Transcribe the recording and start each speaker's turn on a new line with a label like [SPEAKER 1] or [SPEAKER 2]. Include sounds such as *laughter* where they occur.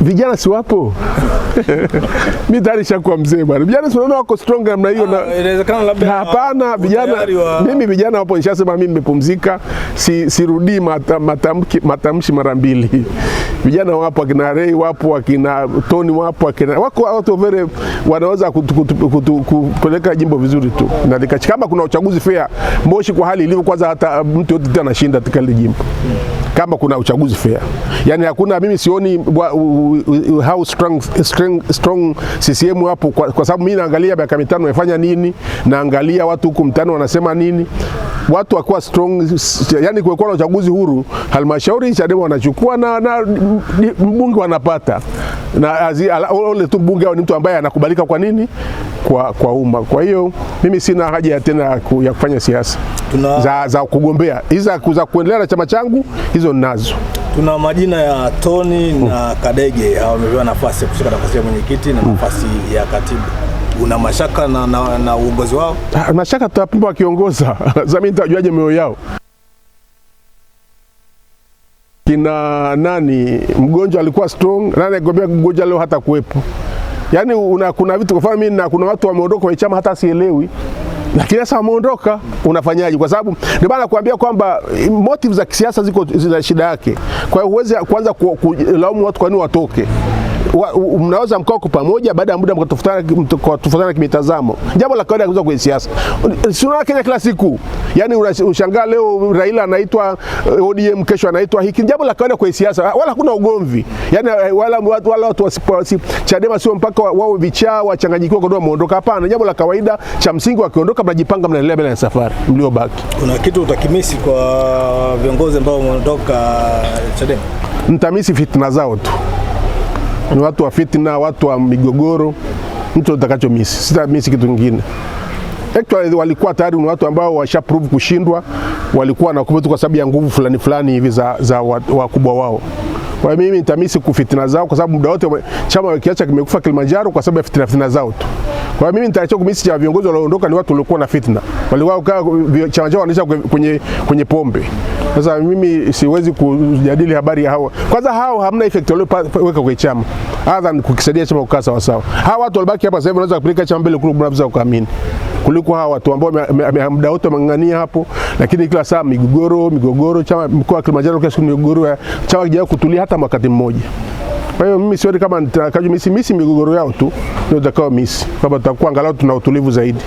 [SPEAKER 1] vijana si wapo? *laughs* mi tayari shakuwa mzee bwana. Vijana si unaona wako strong namna hiyo na ah, inawezekana labda hapana vijana wa... mimi vijana wapo, nishasema mimi nimepumzika, si, sirudii mata, matamki matamshi mara mbili. Vijana wapo, akina Ray wapo, akina Tony wapo, akina wako watu vile wanaweza kupeleka jimbo vizuri tu, na likachi kuna uchaguzi fair Moshi kwa hali ilivyo, kwanza hata mtu yote anashinda katika ile jimbo kama kuna uchaguzi fair. Yani hakuna, mimi sioni how strong, strong, strong CCM hapo kwa, kwa sababu mimi naangalia miaka mitano wamefanya nini, naangalia watu huku mtano wanasema nini. Watu wakiwa strong, yani kuwekuwa na uchaguzi huru, halmashauri Chadema wanachukua na, na mbunge wanapata na ole tu mbunge au ni mtu ambaye anakubalika kwa nini kwa, kwa umma. Kwa hiyo mimi sina haja tena ya kufanya siasa tuna... za, za kugombea hizi za kuendelea na chama changu hizo ninazo.
[SPEAKER 2] Tuna majina ya Toni mm. na Kadege wamepewa nafasi ya kushika nafasi ya mwenyekiti na mm. nafasi mm. ya katibu. Una mashaka na, na, na uongozi wao?
[SPEAKER 1] mashaka tutapimba wakiongoza *laughs* sasa mimi nitajuaje mioyo yao kina nani mgonjwa alikuwa strong, nani agombea mgonjwa leo hata kuwepo. Yaani una kuna vitu kwa mfano mimi na kuna watu wameondoka kwenye chama hata sielewi lakini sasa wameondoka, unafanyaje? Kwa sababu ndio maana nakwambia kwamba eh, motive za kisiasa ziko zina shida yake. Kwa hiyo huwezi kuanza kulaumu watu kwa nini watoke mnaweza mkao kwa pamoja, baada ya muda mkatofutana kimitazamo, jambo la kawaida kuzo kwa siasa. Si unaona Kenya kila siku, yani unashangaa leo Raila anaitwa eh, ODM, kesho anaitwa hiki, jambo la kawaida kwa siasa, wala hakuna ugomvi yani, eh, wala watu wala watu wasipasi Chadema sio mpaka wao vichaa wachanganyikiwa kwa ndio muondoka. Hapana, jambo la kawaida cha msingi, wakiondoka mnajipanga, mnaendelea bila ya safari mliobaki.
[SPEAKER 2] Kuna kitu utakimisi kwa viongozi ambao wameondoka Chadema?
[SPEAKER 1] Mtamisi fitna zao tu ni yaani watu wa fitna, watu wa migogoro, mtu atakacho misi. Sita misi kitu kingine. Actually walikuwa tayari ni watu ambao washa prove kushindwa, walikuwa na tu kwa sababu ya nguvu fulani fulani hivi za, za wakubwa wa wao. Kwa mimi nitamisi kufitina zao kwa sababu muda wote chama kiacha kimekufa Kilimanjaro kwa sababu ya fitina fitina zao tu. Kwa mimi nitaacha kumisi cha viongozi walioondoka ni watu waliokuwa na fitna. Walikuwa chama chao wanaisha kwenye, kwenye pombe. Sasa mimi siwezi kujadili habari ya hao. Kwanza hao hamna effect walioweka kwa chama other kukisaidia chama kukaa sawa sawa. Hao watu walibaki hapa sasa hivi wanaweza kupeleka chama mbele kule mnaweza kuamini kuliko hawa watu ambao muda wote wameng'ang'ania hapo, lakini kila saa migogoro migogoro. Chama mkoa wa Kilimanjaro kila siku migogoro ya chama hakijawahi kutulia hata wakati mmoja. Kwa hiyo mimi sioni kama nitakajumisi misi migogoro yao tu ndio takao misi, kwamba tutakuwa angalau tuna utulivu zaidi.